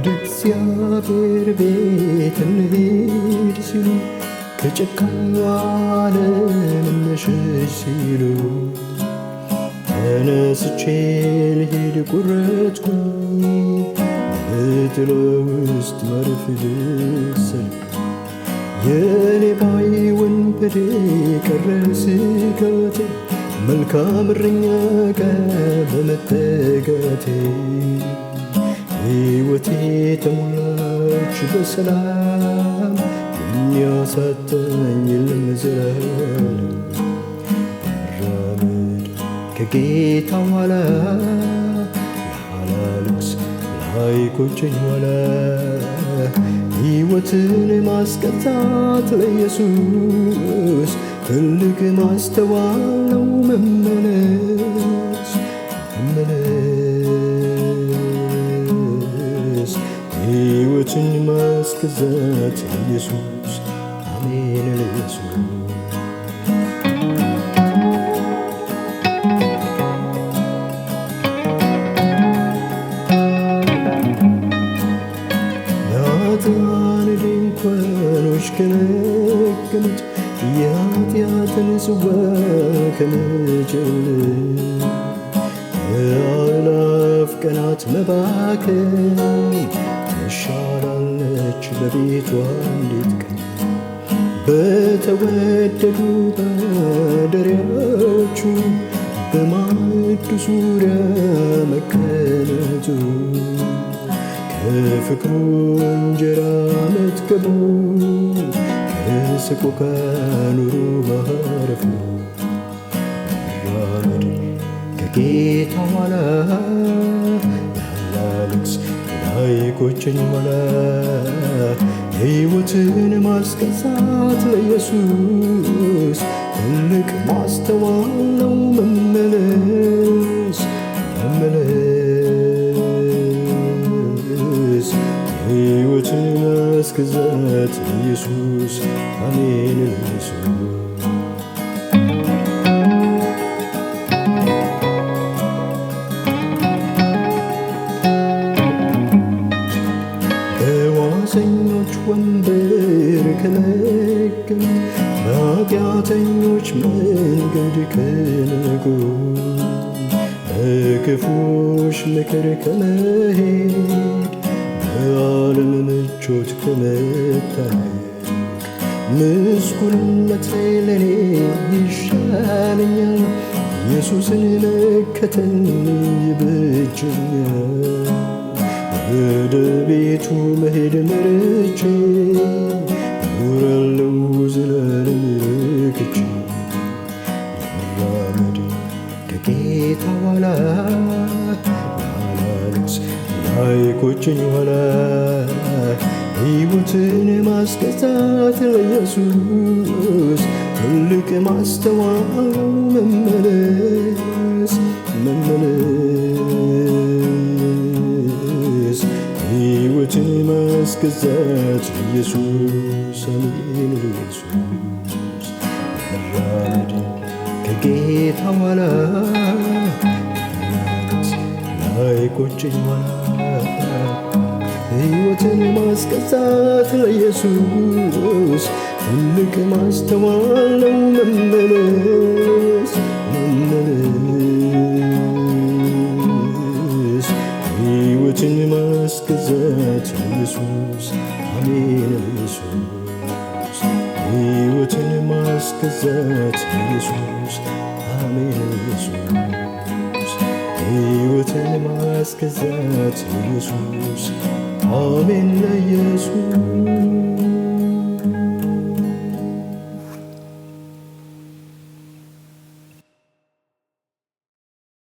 ወደ እግዚአብሔር ቤት እንሂድ ሲሉ ከጨካኙ ዓለም እንሸሽ ሲሉ ተነስቼ ልሄድ ቁረጥኩኝ በጥሎ ውስጥ መርፍ ልስል የሌባዬ ወንበዴ ቀረ ስጋቴ መልካም እረኛ ቀ በመጠጋቴ ሕይወቴ ተሞላች በሰላም የሚያሳጣኝ የለም ለዘላለም ከጌታ ኋላ ላላለቅስ ላይቆጨኝ ኋላ ሕይወትን ማስቀጣት ለኢየሱስ ትልቅ ማስተዋል ነው መመለ ረዳችኝ ማስገዛት ኢየሱስ አሜን ለኢየሱስ ድንኳኖች ከለከሉት የኃጢአትን ጽዋ ከመጨለል አእላፍ ቀናት መባከን ትሻላለች በቤቷ እንዴት ቀን በተወደዱ ባደሪያዎቹ በማዕዱ ዙሪያ መቀመጡ ከፍቅሩ እንጀራ መጥቀሙ ከስቁ ከኑሮ ማረፍ ነው ከጌታ ኋላ ያላለቅስ አይቆጨኝ ሞላት ሕይወትን ማስገዛት ለኢየሱስ ትልቅ ማስተዋል ነው መመለስ መመለስ ሕይወትን ማስገዛት ለኢየሱስ አሜን ኢየሱስ በሙሰኞች ወንበር ከለከል፣ በኃጢአተኞች መንገድ ከለጎ በክፉዎች ምክር ከመሄድ በዓለም ምቾት ከመታለል ምስጉንነት ለኔ ይሻለኛል ኢየሱስን መከተል ይበጀኛል። ወደ ቤቱ መሄድ መርጬ ኖራለው ዝለል ምርክች መራመድ ከጌታ ኋላ ላላልቅስ ላይቆጨኝ ኋላ ሕይወትን ማስገዛት ለኢየሱስ ትልቅ ማስተዋል መመለ እስከዛች ኢየሱስ አሜን ኢየሱስ መራመድ ከጌታ ኋላ ላይ ቆጭኝ ኋላ ሕይወትን ማስቀዛት ለኢየሱስ ትልቅ ማስተዋል ነው መመለስ መመለስ ያስገዛቸው ኢየሱስ አሜን ኢየሱስ ሕይወትን ማስገዛቸው ኢየሱስ አሜን ኢየሱስ ሕይወትን ማስገዛቸው ኢየሱስ አሜን ለኢየሱስ